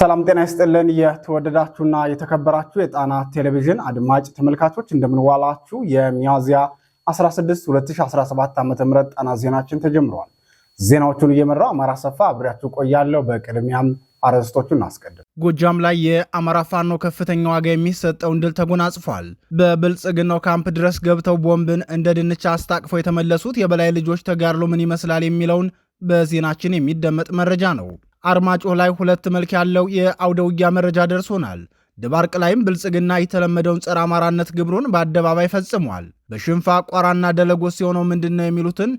ሰላም ጤና ይስጥልን። የተወደዳችሁና የተከበራችሁ የጣና ቴሌቪዥን አድማጭ ተመልካቾች እንደምንዋላችሁ። የሚያዝያ 16 2017 ዓ ም ጣና ዜናችን ተጀምረዋል። ዜናዎቹን እየመራው አማራ ሰፋ አብሬያችሁ ቆያለሁ። በቅድሚያም አርዕስቶቹን እናስቀድም። ጎጃም ላይ የአማራ ፋኖ ከፍተኛ ዋጋ የሚሰጠውን ድል ተጎናጽፏል። በብልጽግናው ካምፕ ድረስ ገብተው ቦምብን እንደ ድንቻ አስታቅፈው የተመለሱት የበላይ ልጆች ተጋድሎ ምን ይመስላል የሚለውን በዜናችን የሚደመጥ መረጃ ነው። አርማጮ ላይ ሁለት መልክ ያለው የአውደ ውጊያ መረጃ ደርሶናል። ድባርቅ ላይም ብልጽግና የተለመደውን ጸረ አማራነት ግብሩን በአደባባይ ፈጽሟል። በሽንፋ ቋራና ደለጎስ የሆነው ምንድን ነው የሚሉትን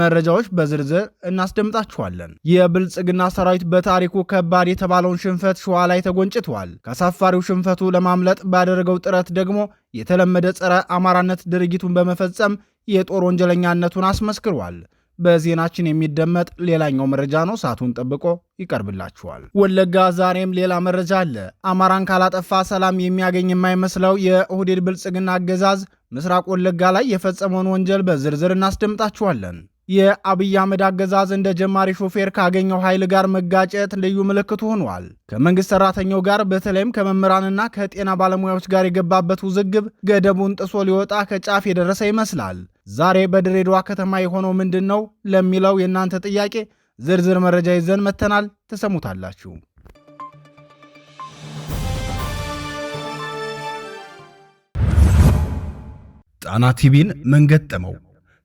መረጃዎች በዝርዝር እናስደምጣችኋለን። የብልጽግና ሰራዊት በታሪኩ ከባድ የተባለውን ሽንፈት ሸዋ ላይ ተጎንጭቷል። ከሳፋሪው ሽንፈቱ ለማምለጥ ባደረገው ጥረት ደግሞ የተለመደ ጸረ አማራነት ድርጊቱን በመፈጸም የጦር ወንጀለኛነቱን አስመስክሯል። በዜናችን የሚደመጥ ሌላኛው መረጃ ነው። ሰዓቱን ጠብቆ ይቀርብላችኋል። ወለጋ ዛሬም ሌላ መረጃ አለ። አማራን ካላጠፋ ሰላም የሚያገኝ የማይመስለው የኦህዴድ ብልጽግና አገዛዝ ምስራቅ ወለጋ ላይ የፈጸመውን ወንጀል በዝርዝር እናስደምጣችኋለን። የአብይ አህመድ አገዛዝ እንደ ጀማሪ ሾፌር ካገኘው ኃይል ጋር መጋጨት ልዩ ምልክቱ ሆኗል። ከመንግስት ሰራተኛው ጋር በተለይም ከመምህራንና ከጤና ባለሙያዎች ጋር የገባበት ውዝግብ ገደቡን ጥሶ ሊወጣ ከጫፍ የደረሰ ይመስላል። ዛሬ በድሬዳዋ ከተማ የሆነው ምንድን ነው ለሚለው የእናንተ ጥያቄ ዝርዝር መረጃ ይዘን መጥተናል። ተሰሙታላችሁ። ጣና ቲቪን ምን ገጠመው?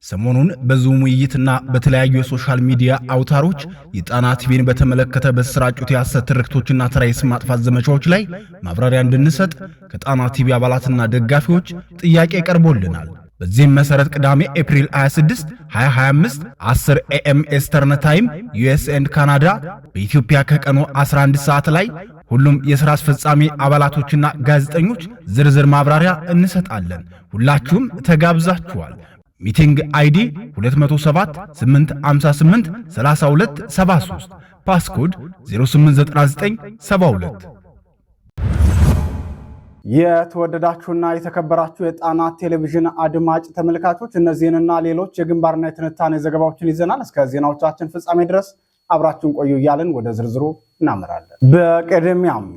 ሰሞኑን በዙም ውይይትና በተለያዩ የሶሻል ሚዲያ አውታሮች የጣና ቲቪን በተመለከተ በተሰራጩት የሐሰት ትርክቶችና ተራ የስም ማጥፋት ዘመቻዎች ላይ ማብራሪያ እንድንሰጥ ከጣና ቲቪ አባላትና ደጋፊዎች ጥያቄ ቀርቦልናል። በዚህም መሰረት ቅዳሜ ኤፕሪል 26 2025 10 ኤኤም ኤስተርን ታይም ዩኤስ ኤንድ ካናዳ በኢትዮጵያ ከቀኑ 11 ሰዓት ላይ ሁሉም የሥራ አስፈጻሚ አባላቶችና ጋዜጠኞች ዝርዝር ማብራሪያ እንሰጣለን። ሁላችሁም ተጋብዛችኋል። ሚቲንግ አይዲ 207 858 32 73 ፓስኮድ 089972 የተወደዳችሁና የተከበራችሁ የጣና ቴሌቪዥን አድማጭ ተመልካቾች እነዚህንና ሌሎች የግንባርና የትንታኔ ዘገባዎችን ይዘናል። እስከ ዜናዎቻችን ፍጻሜ ድረስ አብራችሁን ቆዩ እያልን ወደ ዝርዝሩ እናመራለን። በቅድሚያም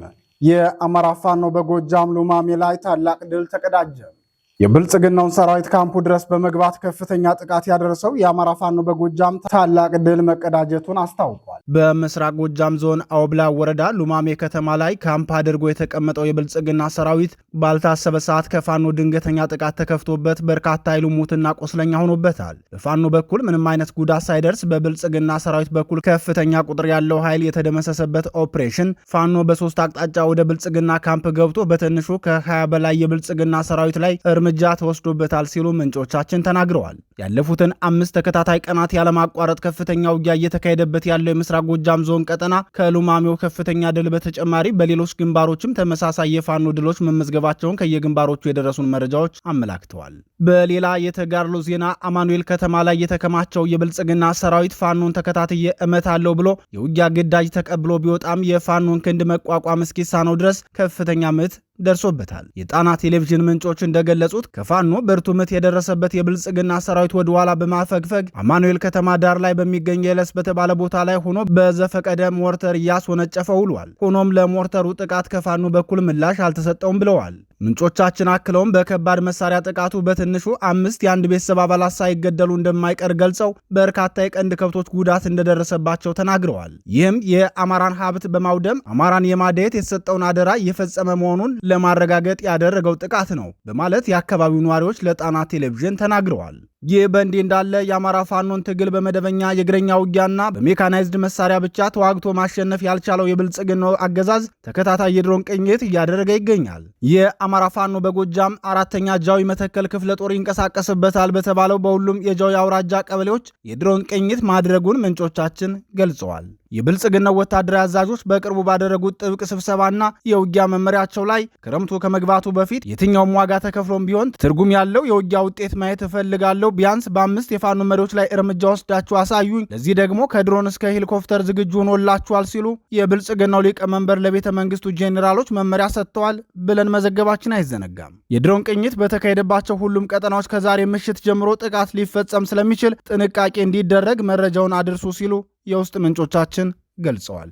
የአማራ ፋኖ በጎጃም ሉማሜ ላይ ታላቅ ድል ተቀዳጀም። የብልጽግናውን ሰራዊት ካምፑ ድረስ በመግባት ከፍተኛ ጥቃት ያደረሰው የአማራ ፋኖ በጎጃም ታላቅ ድል መቀዳጀቱን አስታውቋል። በምስራቅ ጎጃም ዞን አውብላ ወረዳ ሉማሜ ከተማ ላይ ካምፕ አድርጎ የተቀመጠው የብልጽግና ሰራዊት ባልታሰበ ሰዓት ከፋኖ ድንገተኛ ጥቃት ተከፍቶበት በርካታ ኃይሉ ሙትና ቆስለኛ ሆኖበታል። በፋኖ በኩል ምንም አይነት ጉዳት ሳይደርስ በብልጽግና ሰራዊት በኩል ከፍተኛ ቁጥር ያለው ኃይል የተደመሰሰበት ኦፕሬሽን ፋኖ በሶስት አቅጣጫ ወደ ብልጽግና ካምፕ ገብቶ በትንሹ ከ20 በላይ የብልጽግና ሰራዊት ላይ እርምጃ እርምጃ ተወስዶበታል ሲሉ ምንጮቻችን ተናግረዋል። ያለፉትን አምስት ተከታታይ ቀናት ያለማቋረጥ ከፍተኛ ውጊያ እየተካሄደበት ያለው የምስራቅ ጎጃም ዞን ቀጠና ከሉማሜው ከፍተኛ ድል በተጨማሪ በሌሎች ግንባሮችም ተመሳሳይ የፋኖ ድሎች መመዝገባቸውን ከየግንባሮቹ የደረሱን መረጃዎች አመላክተዋል። በሌላ የተጋድሎ ዜና አማኑኤል ከተማ ላይ የተከማቸው የብልጽግና ሰራዊት ፋኖን ተከታትዬ እመታለሁ ብሎ የውጊያ ግዳጅ ተቀብሎ ቢወጣም የፋኖን ክንድ መቋቋም እስኪሳነው ድረስ ከፍተኛ ምት ደርሶበታል። የጣና ቴሌቪዥን ምንጮች እንደገለጹት ከፋኖ ብርቱ ምት የደረሰበት የብልጽግና ሰራዊት ወደ ኋላ በማፈግፈግ አማኑኤል ከተማ ዳር ላይ በሚገኝ የለስ በተባለ ቦታ ላይ ሆኖ በዘፈቀደ ሞርተር እያስወነጨፈ ውሏል። ሆኖም ለሞርተሩ ጥቃት ከፋኖ በኩል ምላሽ አልተሰጠውም ብለዋል። ምንጮቻችን አክለውም በከባድ መሳሪያ ጥቃቱ በትንሹ አምስት የአንድ ቤተሰብ አባላት ሳይገደሉ እንደማይቀር ገልጸው በርካታ የቀንድ ከብቶች ጉዳት እንደደረሰባቸው ተናግረዋል። ይህም የአማራን ሀብት በማውደም አማራን የማደየት የተሰጠውን አደራ እየፈጸመ መሆኑን ለማረጋገጥ ያደረገው ጥቃት ነው በማለት የአካባቢው ነዋሪዎች ለጣና ቴሌቪዥን ተናግረዋል። ይህ በእንዲህ እንዳለ የአማራ ፋኖን ትግል በመደበኛ የእግረኛ ውጊያና በሜካናይዝድ መሳሪያ ብቻ ተዋግቶ ማሸነፍ ያልቻለው የብልጽግናው አገዛዝ ተከታታይ የድሮን ቅኝት እያደረገ ይገኛል። የአማራ ፋኖ በጎጃም አራተኛ ጃዊ መተከል ክፍለ ጦር ይንቀሳቀስበታል በተባለው በሁሉም የጃዊ አውራጃ ቀበሌዎች የድሮን ቅኝት ማድረጉን ምንጮቻችን ገልጸዋል። የብልጽግናው ወታደራዊ አዛዦች በቅርቡ ባደረጉት ጥብቅ ስብሰባና የውጊያ መመሪያቸው ላይ ክረምቱ ከመግባቱ በፊት የትኛውም ዋጋ ተከፍሎም ቢሆን ትርጉም ያለው የውጊያ ውጤት ማየት እፈልጋለሁ፣ ቢያንስ በአምስት የፋኖ መሪዎች ላይ እርምጃ ወስዳችሁ አሳዩኝ፣ ለዚህ ደግሞ ከድሮን እስከ ሄሊኮፕተር ዝግጁ ሆኖላችኋል ሲሉ የብልጽግናው ሊቀመንበር ለቤተ መንግስቱ ጄኔራሎች መመሪያ ሰጥተዋል ብለን መዘገባችን አይዘነጋም። የድሮን ቅኝት በተካሄደባቸው ሁሉም ቀጠናዎች ከዛሬ ምሽት ጀምሮ ጥቃት ሊፈጸም ስለሚችል ጥንቃቄ እንዲደረግ መረጃውን አድርሱ ሲሉ የውስጥ ምንጮቻችን ገልጸዋል።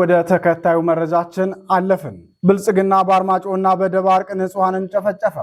ወደ ተከታዩ መረጃችን አለፍን። ብልጽግና በአርማጭሆና በደባርቅ ንጹሐንን ጨፈጨፈ።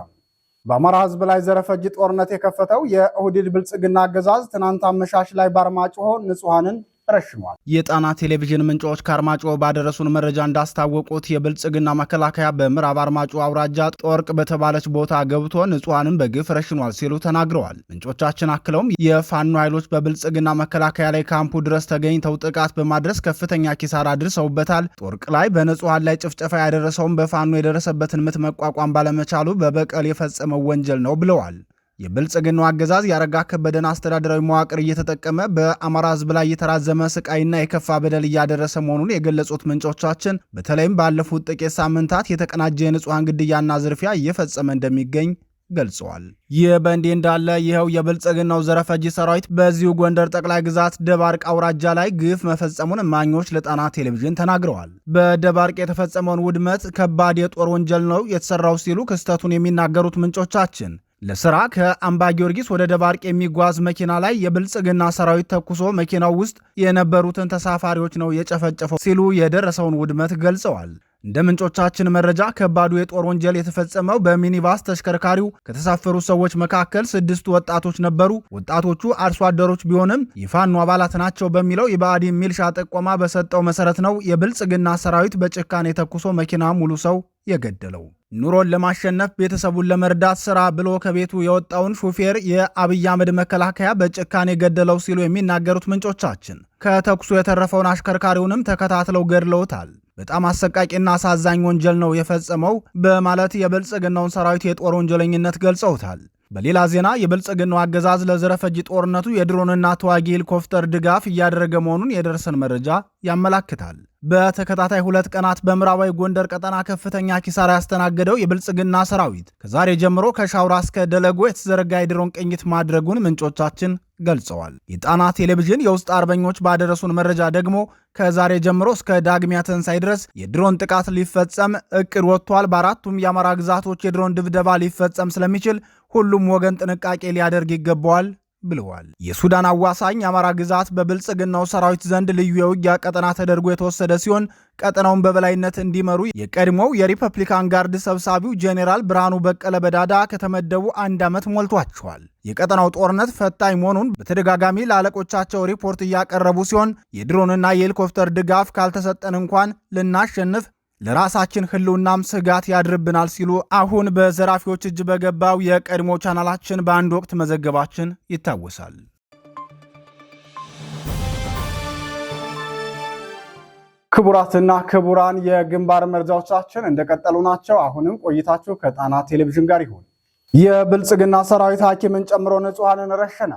በአማራ ሕዝብ ላይ ዘረፈጅ ጦርነት የከፈተው የኦህዴድ ብልጽግና አገዛዝ ትናንት አመሻሽ ላይ በአርማጭሆ ንጹሐንን ረሽኗል። የጣና ቴሌቪዥን ምንጮች ከአርማጭሆ ባደረሱን መረጃ እንዳስታወቁት የብልጽግና መከላከያ በምዕራብ አርማጭሆ አውራጃ ጦርቅ በተባለች ቦታ ገብቶ ንጹሐንም በግፍ ረሽኗል ሲሉ ተናግረዋል። ምንጮቻችን አክለውም የፋኖ ኃይሎች በብልጽግና መከላከያ ላይ ካምፑ ድረስ ተገኝተው ጥቃት በማድረስ ከፍተኛ ኪሳራ አድርሰውበታል። ጦርቅ ላይ በንጹሐን ላይ ጭፍጨፋ ያደረሰውም በፋኖ የደረሰበትን ምት መቋቋም ባለመቻሉ በበቀል የፈጸመው ወንጀል ነው ብለዋል። የብልጽግናው አገዛዝ ያረጋ ከበደን አስተዳደራዊ መዋቅር እየተጠቀመ በአማራ ህዝብ ላይ የተራዘመ ስቃይና የከፋ በደል እያደረሰ መሆኑን የገለጹት ምንጮቻችን በተለይም ባለፉት ጥቂት ሳምንታት የተቀናጀ የንጹሐን ግድያና ዝርፊያ እየፈጸመ እንደሚገኝ ገልጸዋል። ይህ በእንዲህ እንዳለ ይኸው የብልጽግናው ዘረፈጂ ሰራዊት በዚሁ ጎንደር ጠቅላይ ግዛት ደባርቅ አውራጃ ላይ ግፍ መፈጸሙን እማኞች ለጣና ቴሌቪዥን ተናግረዋል። በደባርቅ የተፈጸመውን ውድመት ከባድ የጦር ወንጀል ነው የተሰራው ሲሉ ክስተቱን የሚናገሩት ምንጮቻችን ለስራ ከአምባ ጊዮርጊስ ወደ ደባርቅ የሚጓዝ መኪና ላይ የብልጽግና ሰራዊት ተኩሶ መኪናው ውስጥ የነበሩትን ተሳፋሪዎች ነው የጨፈጨፈው ሲሉ የደረሰውን ውድመት ገልጸዋል። እንደ ምንጮቻችን መረጃ ከባዱ የጦር ወንጀል የተፈጸመው በሚኒባስ ተሽከርካሪው ከተሳፈሩ ሰዎች መካከል ስድስቱ ወጣቶች ነበሩ። ወጣቶቹ አርሶ አደሮች ቢሆንም የፋኖ አባላት ናቸው በሚለው የባዕዲ ሚልሻ ጠቆማ በሰጠው መሰረት ነው የብልጽግና ሰራዊት በጭካኔ ተኩሶ መኪና ሙሉ ሰው የገደለው። ኑሮን ለማሸነፍ ቤተሰቡን ለመርዳት ስራ ብሎ ከቤቱ የወጣውን ሹፌር የአብይ አህመድ መከላከያ በጭካኔ ገደለው ሲሉ የሚናገሩት ምንጮቻችን ከተኩሱ የተረፈውን አሽከርካሪውንም ተከታትለው ገድለውታል። በጣም አሰቃቂና አሳዛኝ ወንጀል ነው የፈጸመው በማለት የብልጽግናውን ሰራዊት የጦር ወንጀለኝነት ገልጸውታል። በሌላ ዜና የብልጽግናው አገዛዝ ለዘረፈጅ ጦርነቱ የድሮንና ተዋጊ ሄሊኮፍተር ድጋፍ እያደረገ መሆኑን የደረሰን መረጃ ያመላክታል። በተከታታይ ሁለት ቀናት በምዕራባዊ ጎንደር ቀጠና ከፍተኛ ኪሳራ ያስተናገደው የብልጽግና ሰራዊት ከዛሬ ጀምሮ ከሻውራ እስከ ደለጎ የተዘረጋ የድሮን ቅኝት ማድረጉን ምንጮቻችን ገልጸዋል። የጣና ቴሌቪዥን የውስጥ አርበኞች ባደረሱን መረጃ ደግሞ ከዛሬ ጀምሮ እስከ ዳግሚያ ትንሳኤ ድረስ የድሮን ጥቃት ሊፈጸም እቅድ ወጥቷል። በአራቱም የአማራ ግዛቶች የድሮን ድብደባ ሊፈጸም ስለሚችል ሁሉም ወገን ጥንቃቄ ሊያደርግ ይገባዋል ብለዋል። የሱዳን አዋሳኝ የአማራ ግዛት በብልጽግናው ሰራዊት ዘንድ ልዩ የውጊያ ቀጠና ተደርጎ የተወሰደ ሲሆን ቀጠናውን በበላይነት እንዲመሩ የቀድሞው የሪፐብሊካን ጋርድ ሰብሳቢው ጄኔራል ብርሃኑ በቀለ በዳዳ ከተመደቡ አንድ ዓመት ሞልቷቸዋል። የቀጠናው ጦርነት ፈታኝ መሆኑን በተደጋጋሚ ለአለቆቻቸው ሪፖርት እያቀረቡ ሲሆን የድሮንና የሄሊኮፕተር ድጋፍ ካልተሰጠን እንኳን ልናሸንፍ ለራሳችን ህልውናም ስጋት ያድርብናል ሲሉ አሁን በዘራፊዎች እጅ በገባው የቀድሞ ቻናላችን በአንድ ወቅት መዘገባችን ይታወሳል። ክቡራትና ክቡራን የግንባር መረጃዎቻችን እንደቀጠሉ ናቸው። አሁንም ቆይታችሁ ከጣና ቴሌቪዥን ጋር ይሁን። የብልጽግና ሰራዊት ሐኪምን ጨምሮ ንጹሐንን ረሸነ።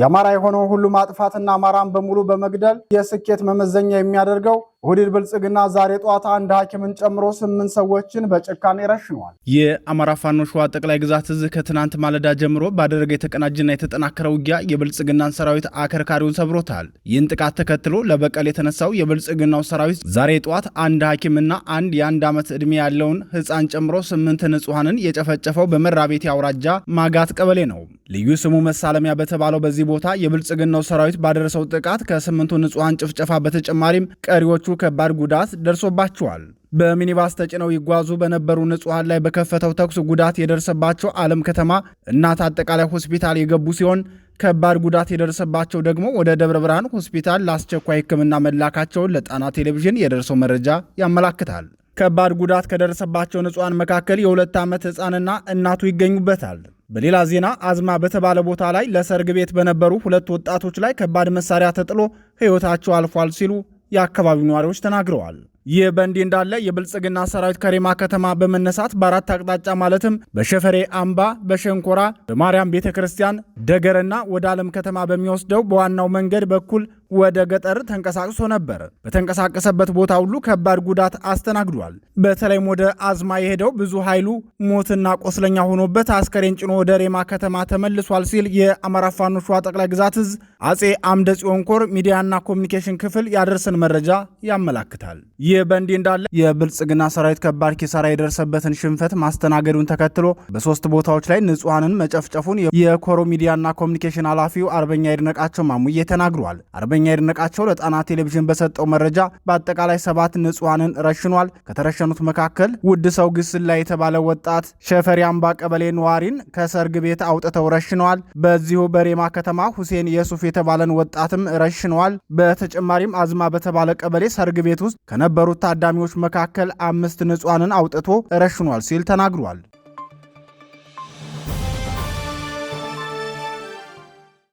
የአማራ የሆነውን ሁሉ ማጥፋትና አማራን በሙሉ በመግደል የስኬት መመዘኛ የሚያደርገው ኦህዴድ ብልጽግና ዛሬ ጠዋት አንድ ሐኪምን ጨምሮ ስምንት ሰዎችን በጭካኔ ረሽኗል። የአማራ ፋኖ ሸዋ ጠቅላይ ግዛት እዝ ከትናንት ማለዳ ጀምሮ ባደረገ የተቀናጀና የተጠናከረ ውጊያ የብልጽግናን ሰራዊት አከርካሪውን ሰብሮታል። ይህን ጥቃት ተከትሎ ለበቀል የተነሳው የብልጽግናው ሰራዊት ዛሬ ጠዋት አንድ ሐኪምና አንድ የአንድ ዓመት ዕድሜ ያለውን ሕፃን ጨምሮ ስምንት ንጹሐንን የጨፈጨፈው በመራቤቴ አውራጃ ማጋት ቀበሌ ነው። ልዩ ስሙ መሳለሚያ በተባለው በዚህ ቦታ የብልጽግናው ሰራዊት ባደረሰው ጥቃት ከስምንቱ ንጹሐን ጭፍጨፋ በተጨማሪም ቀሪዎቹ ከባድ ጉዳት ደርሶባቸዋል። በሚኒባስ ተጭነው ይጓዙ በነበሩ ንጹሐን ላይ በከፈተው ተኩስ ጉዳት የደረሰባቸው ዓለም ከተማ እናት አጠቃላይ ሆስፒታል የገቡ ሲሆን ከባድ ጉዳት የደረሰባቸው ደግሞ ወደ ደብረ ብርሃን ሆስፒታል ለአስቸኳይ ሕክምና መላካቸውን ለጣና ቴሌቪዥን የደርሰው መረጃ ያመላክታል። ከባድ ጉዳት ከደረሰባቸው ንጹሐን መካከል የሁለት ዓመት ሕፃንና እናቱ ይገኙበታል። በሌላ ዜና አዝማ በተባለ ቦታ ላይ ለሰርግ ቤት በነበሩ ሁለት ወጣቶች ላይ ከባድ መሳሪያ ተጥሎ ሕይወታቸው አልፏል ሲሉ የአካባቢው ነዋሪዎች ተናግረዋል። ይህ በእንዲህ እንዳለ የብልጽግና ሰራዊት ከሬማ ከተማ በመነሳት በአራት አቅጣጫ ማለትም በሸፈሬ አምባ፣ በሸንኮራ፣ በማርያም ቤተ ክርስቲያን፣ ደገርና ወደ ዓለም ከተማ በሚወስደው በዋናው መንገድ በኩል ወደ ገጠር ተንቀሳቅሶ ነበር። በተንቀሳቀሰበት ቦታ ሁሉ ከባድ ጉዳት አስተናግዷል። በተለይም ወደ አዝማ የሄደው ብዙ ኃይሉ ሞትና ቆስለኛ ሆኖበት አስከሬን ጭኖ ወደ ሬማ ከተማ ተመልሷል ሲል የአማራ ፋኖ ሸዋ ጠቅላይ ግዛት እዝ አጼ አምደ ጽዮን ኮር ሚዲያና ኮሚኒኬሽን ክፍል ያደርሰን መረጃ ያመላክታል። ይህ በእንዲህ እንዳለ የብልጽግና ሰራዊት ከባድ ኪሳራ የደረሰበትን ሽንፈት ማስተናገዱን ተከትሎ በሶስት ቦታዎች ላይ ንጹሐንን መጨፍጨፉን የኮሮ ሚዲያና ኮሚኒኬሽን ኃላፊው አርበኛ ይድነቃቸው ማሙዬ ተናግሯል። አርበኛ ይድነቃቸው ለጣና ቴሌቪዥን በሰጠው መረጃ በአጠቃላይ ሰባት ንጹሐንን ረሽኗል። ከተረሸኑት መካከል ውድ ሰው ግስል ላይ የተባለ ወጣት ሸፈሪ አምባ ቀበሌ ነዋሪን ከሰርግ ቤት አውጥተው ረሽነዋል። በዚሁ በሬማ ከተማ ሁሴን የሱፍ የተባለን ወጣትም ረሽነዋል። በተጨማሪም አዝማ በተባለ ቀበሌ ሰርግ ቤት ውስጥ ከነበሩ ከነበሩት ታዳሚዎች መካከል አምስት ንጹሐንን አውጥቶ ረሽኗል ሲል ተናግሯል።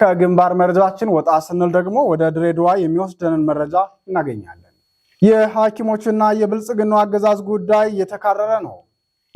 ከግንባር መረጃችን ወጣ ስንል ደግሞ ወደ ድሬዳዋ የሚወስደንን መረጃ እናገኛለን። የሐኪሞችና የብልጽግናው አገዛዝ ጉዳይ እየተካረረ ነው።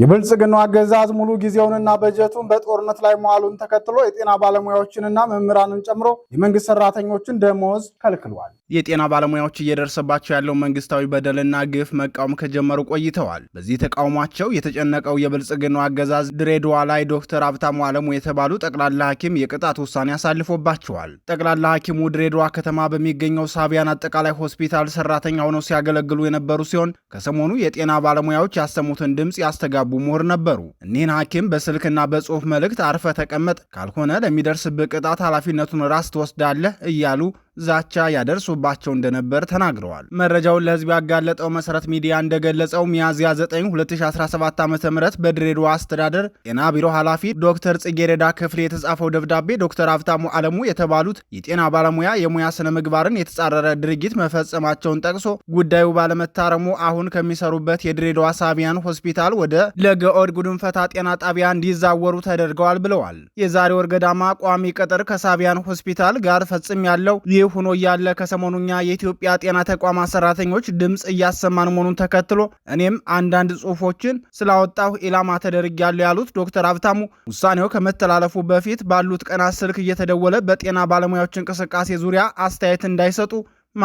የብልጽግናው አገዛዝ ሙሉ ጊዜውንና በጀቱን በጦርነት ላይ መዋሉን ተከትሎ የጤና ባለሙያዎችንና መምህራንን ጨምሮ የመንግስት ሰራተኞችን ደሞዝ ከልክሏል። የጤና ባለሙያዎች እየደረሰባቸው ያለው መንግስታዊ በደልና ግፍ መቃወም ከጀመሩ ቆይተዋል። በዚህ ተቃውሟቸው የተጨነቀው የብልጽግናው አገዛዝ ድሬድዋ ላይ ዶክተር ሀብታሙ አለሙ የተባሉ ጠቅላላ ሐኪም የቅጣት ውሳኔ አሳልፎባቸዋል። ጠቅላላ ሐኪሙ ድሬድዋ ከተማ በሚገኘው ሳቢያን አጠቃላይ ሆስፒታል ሰራተኛ ሆነው ሲያገለግሉ የነበሩ ሲሆን ከሰሞኑ የጤና ባለሙያዎች ያሰሙትን ድምፅ ያስተጋቡ የተጋቡ ምሁር ነበሩ። እኒህን ሐኪም በስልክና በጽሑፍ መልእክት አርፈ ተቀመጥ፣ ካልሆነ ለሚደርስብህ ቅጣት ኃላፊነቱን ራስ ትወስዳለህ እያሉ ዛቻ ያደርሱባቸው እንደነበር ተናግረዋል። መረጃውን ለህዝብ ያጋለጠው መሰረት ሚዲያ እንደገለጸው ሚያዝያ 9 2017 ዓ ም በድሬዳዋ አስተዳደር ጤና ቢሮ ኃላፊ ዶክተር ጽጌረዳ ክፍል የተጻፈው ደብዳቤ ዶክተር ሀብታሙ አለሙ የተባሉት የጤና ባለሙያ የሙያ ስነ ምግባርን የተጻረረ ድርጊት መፈጸማቸውን ጠቅሶ ጉዳዩ ባለመታረሙ አሁን ከሚሰሩበት የድሬዳዋ ሳቢያን ሆስፒታል ወደ ለገኦድ ጉድንፈታ ጤና ጣቢያ እንዲዛወሩ ተደርገዋል ብለዋል። የዛሬ ወር ገዳማ ቋሚ ቅጥር ከሳቢያን ሆስፒታል ጋር ፈጽም ያለው ይህ ይህ ሆኖ እያለ ከሰሞኑኛ የኢትዮጵያ ጤና ተቋማት ሰራተኞች ድምፅ እያሰማን መሆኑን ተከትሎ እኔም አንዳንድ ጽሁፎችን ስላወጣሁ ኢላማ ተደርጊያለሁ ያሉት ዶክተር አብታሙ ውሳኔው ከመተላለፉ በፊት ባሉት ቀናት ስልክ እየተደወለ በጤና ባለሙያዎች እንቅስቃሴ ዙሪያ አስተያየት እንዳይሰጡ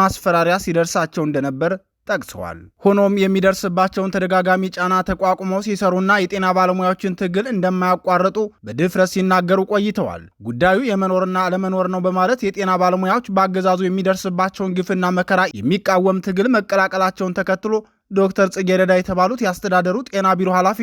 ማስፈራሪያ ሲደርሳቸው እንደነበር ጠቅሰዋል። ሆኖም የሚደርስባቸውን ተደጋጋሚ ጫና ተቋቁመው ሲሰሩና የጤና ባለሙያዎችን ትግል እንደማያቋርጡ በድፍረት ሲናገሩ ቆይተዋል። ጉዳዩ የመኖርና አለመኖር ነው በማለት የጤና ባለሙያዎች በአገዛዙ የሚደርስባቸውን ግፍና መከራ የሚቃወም ትግል መቀላቀላቸውን ተከትሎ ዶክተር ጽጌረዳ የተባሉት የአስተዳደሩ ጤና ቢሮ ኃላፊ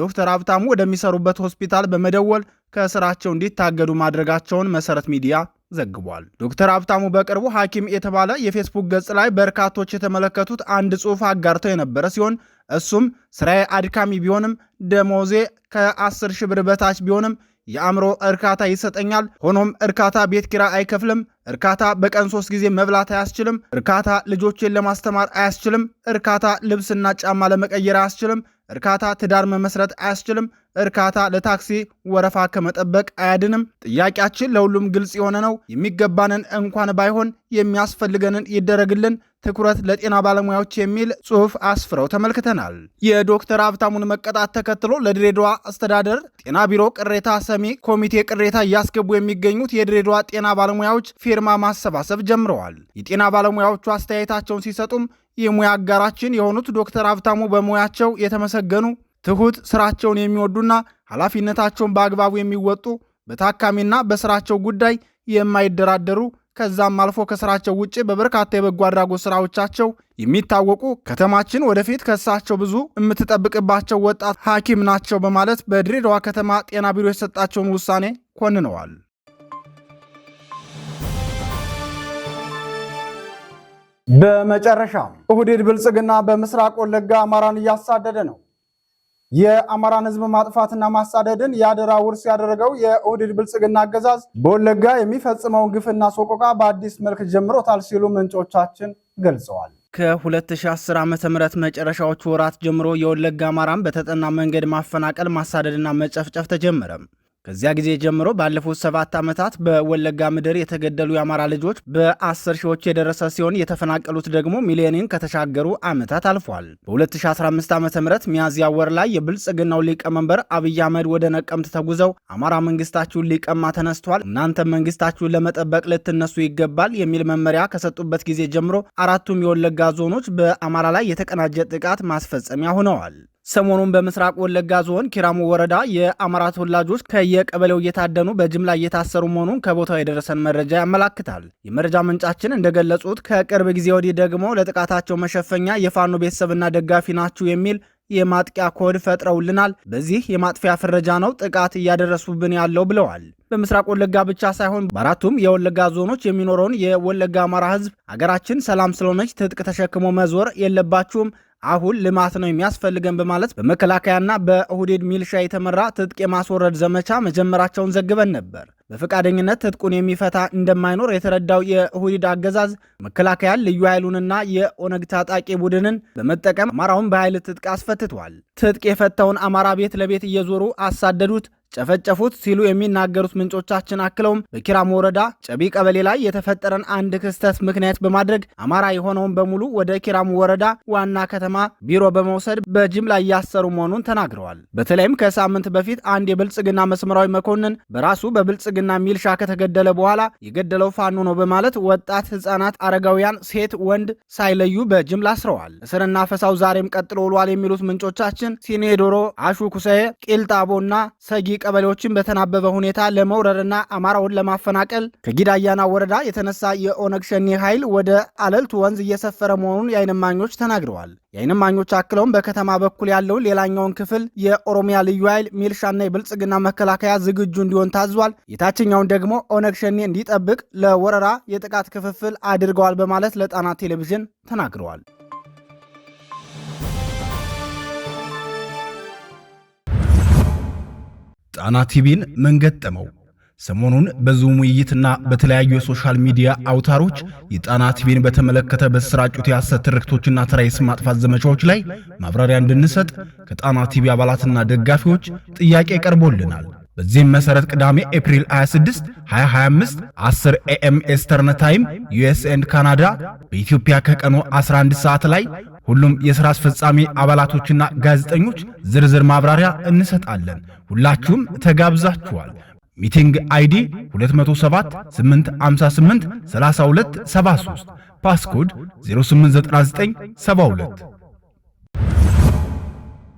ዶክተር አብታሙ ወደሚሰሩበት ሆስፒታል በመደወል ከስራቸው እንዲታገዱ ማድረጋቸውን መሰረት ሚዲያ ዘግቧል። ዶክተር ሀብታሙ በቅርቡ ሐኪም የተባለ የፌስቡክ ገጽ ላይ በርካቶች የተመለከቱት አንድ ጽሑፍ አጋርተው የነበረ ሲሆን እሱም ስራዬ አድካሚ ቢሆንም ደሞዜ ከአስር ሺህ ብር በታች ቢሆንም የአእምሮ እርካታ ይሰጠኛል። ሆኖም እርካታ ቤት ኪራ አይከፍልም። እርካታ በቀን ሶስት ጊዜ መብላት አያስችልም። እርካታ ልጆቼን ለማስተማር አያስችልም። እርካታ ልብስና ጫማ ለመቀየር አያስችልም። እርካታ ትዳር መመስረት አያስችልም። እርካታ ለታክሲ ወረፋ ከመጠበቅ አያድንም። ጥያቄያችን ለሁሉም ግልጽ የሆነ ነው። የሚገባንን እንኳን ባይሆን የሚያስፈልገንን ይደረግልን፣ ትኩረት ለጤና ባለሙያዎች የሚል ጽሑፍ አስፍረው ተመልክተናል። የዶክተር ሀብታሙን መቀጣት ተከትሎ ለድሬዳዋ አስተዳደር ጤና ቢሮ ቅሬታ ሰሚ ኮሚቴ ቅሬታ እያስገቡ የሚገኙት የድሬዳዋ ጤና ባለሙያዎች ፊርማ ማሰባሰብ ጀምረዋል። የጤና ባለሙያዎቹ አስተያየታቸውን ሲሰጡም የሙያ አጋራችን የሆኑት ዶክተር ሀብታሙ በሙያቸው የተመሰገኑ ትሑት፣ ስራቸውን የሚወዱና ኃላፊነታቸውን በአግባቡ የሚወጡ በታካሚና በስራቸው ጉዳይ የማይደራደሩ ከዛም አልፎ ከስራቸው ውጭ በበርካታ የበጎ አድራጎት ስራዎቻቸው የሚታወቁ ከተማችን ወደፊት ከእሳቸው ብዙ የምትጠብቅባቸው ወጣት ሐኪም ናቸው በማለት በድሬዳዋ ከተማ ጤና ቢሮ የሰጣቸውን ውሳኔ ኮንነዋል። በመጨረሻ እሁድድ ብልጽግና በምስራቅ ወለጋ አማራን እያሳደደ ነው። የአማራን ህዝብ ማጥፋትና ማሳደድን የአደራ ውርስ ያደረገው የኦህዴድ ብልጽግና አገዛዝ በወለጋ የሚፈጽመውን ግፍና ሶቆቃ በአዲስ መልክ ጀምሮታል ሲሉ ምንጮቻችን ገልጸዋል። ከ2010 ዓ ም መጨረሻዎቹ ወራት ጀምሮ የወለጋ አማራን በተጠና መንገድ ማፈናቀል ማሳደድና መጨፍጨፍ ተጀመረም። ከዚያ ጊዜ ጀምሮ ባለፉት ሰባት ዓመታት በወለጋ ምድር የተገደሉ የአማራ ልጆች በአስር ሺዎች የደረሰ ሲሆን የተፈናቀሉት ደግሞ ሚሊዮንን ከተሻገሩ ዓመታት አልፏል። በ2015 ዓ ም ሚያዝያ ወር ላይ የብልጽግናው ሊቀመንበር አብይ አህመድ ወደ ነቀምት ተጉዘው አማራ መንግስታችሁን ሊቀማ ተነስቷል፣ እናንተ መንግስታችሁን ለመጠበቅ ልትነሱ ይገባል የሚል መመሪያ ከሰጡበት ጊዜ ጀምሮ አራቱም የወለጋ ዞኖች በአማራ ላይ የተቀናጀ ጥቃት ማስፈጸሚያ ሆነዋል። ሰሞኑን በምስራቅ ወለጋ ዞን ኪራሙ ወረዳ የአማራ ተወላጆች ከየቀበሌው እየታደኑ በጅምላ እየታሰሩ መሆኑን ከቦታው የደረሰን መረጃ ያመላክታል። የመረጃ ምንጫችን እንደገለጹት ከቅርብ ጊዜ ወዲህ ደግሞ ለጥቃታቸው መሸፈኛ የፋኖ ቤተሰብና ደጋፊ ናችሁ የሚል የማጥቂያ ኮድ ፈጥረውልናል። በዚህ የማጥፊያ ፍረጃ ነው ጥቃት እያደረሱብን ያለው ብለዋል። በምስራቅ ወለጋ ብቻ ሳይሆን በአራቱም የወለጋ ዞኖች የሚኖረውን የወለጋ አማራ ህዝብ አገራችን ሰላም ስለሆነች ትጥቅ ተሸክሞ መዞር የለባችሁም አሁን ልማት ነው የሚያስፈልገን በማለት በመከላከያና በኦህዴድ ሚልሻ የተመራ ትጥቅ የማስወረድ ዘመቻ መጀመራቸውን ዘግበን ነበር። በፈቃደኝነት ትጥቁን የሚፈታ እንደማይኖር የተረዳው የሁዲድ አገዛዝ መከላከያ ልዩ ኃይሉንና የኦነግ ታጣቂ ቡድንን በመጠቀም አማራውን በኃይል ትጥቅ አስፈትቷል። ትጥቅ የፈታውን አማራ ቤት ለቤት እየዞሩ አሳደዱት፣ ጨፈጨፉት ሲሉ የሚናገሩት ምንጮቻችን አክለውም በኪራም ወረዳ ጨቢ ቀበሌ ላይ የተፈጠረን አንድ ክስተት ምክንያት በማድረግ አማራ የሆነውን በሙሉ ወደ ኪራም ወረዳ ዋና ከተማ ቢሮ በመውሰድ በጅምላ እያሰሩ መሆኑን ተናግረዋል። በተለይም ከሳምንት በፊት አንድ የብልጽግና መስመራዊ መኮንን በራሱ በብልጽግና ሚልሻ ከተገደለ በኋላ የገደለው ፋኖ ነው በማለት ወጣት ህጻናት፣ አረጋውያን፣ ሴት ወንድ ሳይለዩ በጅምላ አስረዋል። እስርና ፈሳው ዛሬም ቀጥሎ ውሏል የሚሉት ምንጮቻችን ሲኔዶሮ፣ አሹ ቂልጣቦ ቂልጣቦና ሰጊ ቀበሌዎችን በተናበበ ሁኔታ ለመውረርና አማራውን ለማፈናቀል ከጊዳ አያና ወረዳ የተነሳ የኦነግ ሸኔ ኃይል ወደ አለልቱ ወንዝ እየሰፈረ መሆኑን የአይንማኞች ተናግረዋል። የአይንማኞች አክለውም በከተማ በኩል ያለውን ሌላኛውን ክፍል የኦሮሚያ ልዩ ኃይል ሚልሻና የብልጽግና መከላከያ ዝግጁ እንዲሆን ታዟል። የታችኛውን ደግሞ ኦነግ ሸኔ እንዲጠብቅ ለወረራ የጥቃት ክፍፍል አድርገዋል በማለት ለጣና ቴሌቪዥን ተናግረዋል። ጣና ቲቪን ምን ገጠመው? ሰሞኑን በዙም ውይይትና በተለያዩ የሶሻል ሚዲያ አውታሮች የጣና ቲቪን በተመለከተ በተሰራጩት የሐሰት ትርክቶችና ተራ የስም ማጥፋት ዘመቻዎች ላይ ማብራሪያ እንድንሰጥ ከጣና ቲቪ አባላትና ደጋፊዎች ጥያቄ ቀርቦልናል። በዚህም መሰረት ቅዳሜ ኤፕሪል 26 2025 10 ኤኤም ኤስተርን ታይም ዩኤስ ኤንድ ካናዳ በኢትዮጵያ ከቀኑ 11 ሰዓት ላይ ሁሉም የሥራ አስፈጻሚ አባላቶችና ጋዜጠኞች ዝርዝር ማብራሪያ እንሰጣለን። ሁላችሁም ተጋብዛችኋል። ሚቲንግ አይዲ 207 858 3273 ፓስኮድ 089972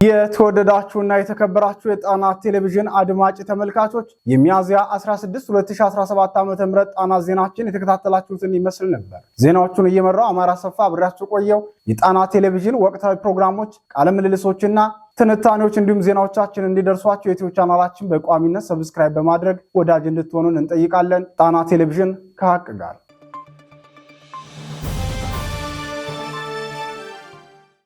የተወደዳችሁና የተከበራችሁ የጣና ቴሌቪዥን አድማጭ ተመልካቾች የሚያዝያ 16 2017 ዓ ም ጣና ዜናችን የተከታተላችሁትን ይመስል ነበር። ዜናዎቹን እየመራው አማራ ሰፋ አብሬያችሁ ቆየው። የጣና ቴሌቪዥን ወቅታዊ ፕሮግራሞች፣ ቃለ ምልልሶችና ትንታኔዎች እንዲሁም ዜናዎቻችን እንዲደርሷቸው የዩቲዩብ ቻናላችን በቋሚነት ሰብስክራይብ በማድረግ ወዳጅ እንድትሆኑን እንጠይቃለን። ጣና ቴሌቪዥን ከሀቅ ጋር